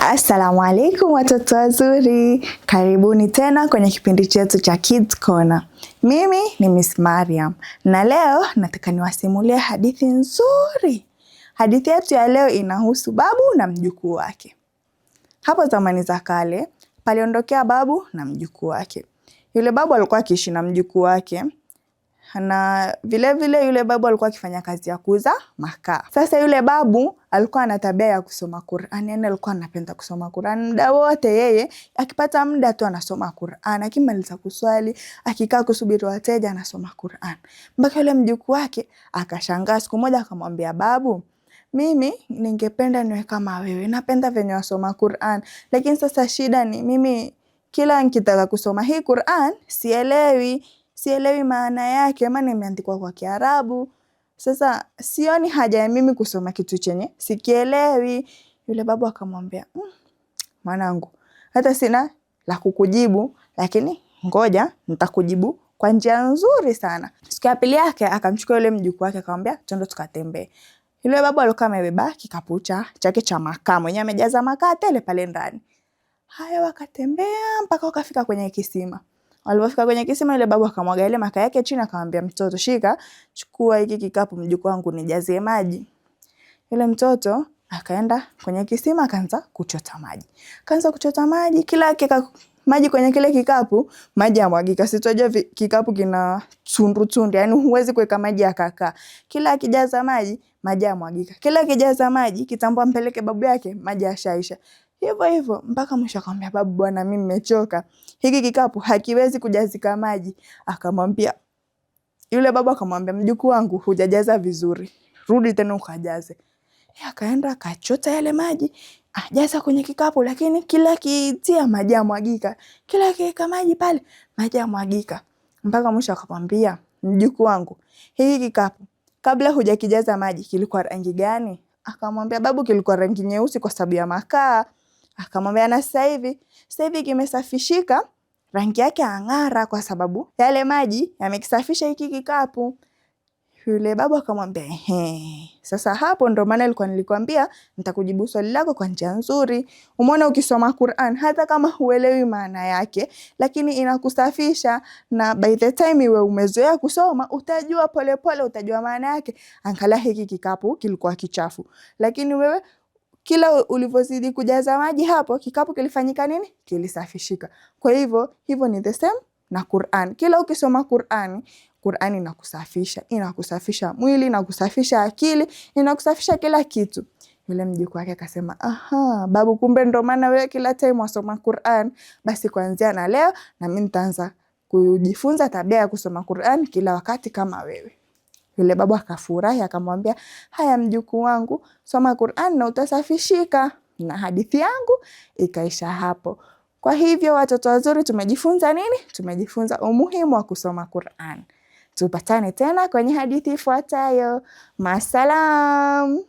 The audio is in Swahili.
Assalamu alaikum watoto wazuri, karibuni tena kwenye kipindi chetu cha Kids Corner. Mimi ni Miss Mariam na leo nataka niwasimulie hadithi nzuri. Hadithi yetu ya leo inahusu babu na mjukuu wake. Hapo zamani za kale paliondokea babu na mjukuu wake. Yule babu alikuwa akiishi na mjukuu wake na vile vile yule babu alikuwa akifanya kazi ya kuuza makaa. Sasa yule babu alikuwa ana tabia ya kusoma Qur'an, yani alikuwa anapenda kusoma Qur'an muda wote. Yeye akipata muda tu anasoma Qur'an, akimaliza kuswali, akikaa kusubiri wateja, anasoma Qur'an mpaka yule mjukuu wake akashangaa. Siku moja akamwambia babu, mimi ningependa niwe kama wewe, napenda venye wasoma Qur'an, lakini sasa shida ni mimi kila nikitaka kusoma hii Qur'an sielewi sielewi maana yake, maana imeandikwa kwa Kiarabu. Sasa sioni haja ya mimi kusoma kitu chenye sikielewi. Yule babu akamwambia mmm, mwanangu, hata sina la kukujibu, lakini ngoja nitakujibu kwa njia nzuri sana. Siku ya pili yake akamchukua yule mjukuu wake akamwambia, twende tukatembee. Yule babu alikuwa amebeba kikapu cha chake cha makaa, mwenyewe amejaza makaa tele pale ndani. Haya, wakatembea mpaka wakafika kwenye kisima. Walipofika kwenye kisima, yule babu akamwaga ile maka yake chini, akamwambia mtoto, shika, chukua hiki kikapu, mjukuu wangu, nijazie maji. Yule mtoto akaenda kwenye kisima, akaanza kuchota maji, akaanza kuchota maji, kila kika maji kwenye kile kikapu, maji yamwagika. Sitojua kikapu kina tundu tundu, yani huwezi kuweka maji akakaa. Kila akijaza maji, maji yamwagika. Kila akijaza maji, kitambua mpeleke babu yake, maji yashaisha hivyo hivyo mpaka mwisho. Akamwambia babu, bwana, mimi nimechoka, hiki kikapu hakiwezi kujazika maji. Akamwambia yule babu, akamwambia mjukuu wangu, hujajaza vizuri, rudi tena ukajaze. Akaenda akachota yale maji ajaza kwenye kikapu, lakini kila kitia maji amwagika, kila kiweka maji pale maji amwagika, mpaka mwisho akamwambia mjukuu wangu, hiki kikapu kabla hujakijaza maji kilikuwa rangi gani? Akamwambia babu, kilikuwa rangi nyeusi kwa sababu ya makaa. Akamwambia, na sasa hivi sasa hivi kimesafishika, rangi yake ang'ara, kwa sababu yale maji yamekisafisha hiki kikapu. Yule babu akamwambia, ehe, sasa hapo ndo maana ilikuwa nilikwambia nitakujibu swali lako kwa njia nzuri. Umeona, ukisoma Qur'an hata kama huelewi maana yake, lakini inakusafisha na by the time iwe umezoea kusoma utajua polepole pole, utajua maana yake. Angalia hiki kikapu kilikuwa kichafu, lakini wewe kila ulivyozidi kujaza maji hapo kikapu kilifanyika nini? Kilisafishika. Kwa hivyo hivyo ni the same na Qur'an. Kila ukisoma Qur'an, Qur'an inakusafisha, inakusafisha mwili, inakusafisha akili, inakusafisha kila kitu. Yule mjukuu wake akasema, aha, babu, kumbe ndo maana wewe kila time wasoma Qur'an. Basi kuanzia na leo na mimi nitaanza kujifunza tabia ya kusoma Qur'an kila wakati kama wewe. Yule babu akafurahi akamwambia, haya mjukuu wangu, soma Qur'an na utasafishika. Na hadithi yangu ikaisha hapo. Kwa hivyo, watoto wazuri, tumejifunza nini? Tumejifunza umuhimu wa kusoma Qur'an. Tupatane tena kwenye hadithi ifuatayo. Masalam.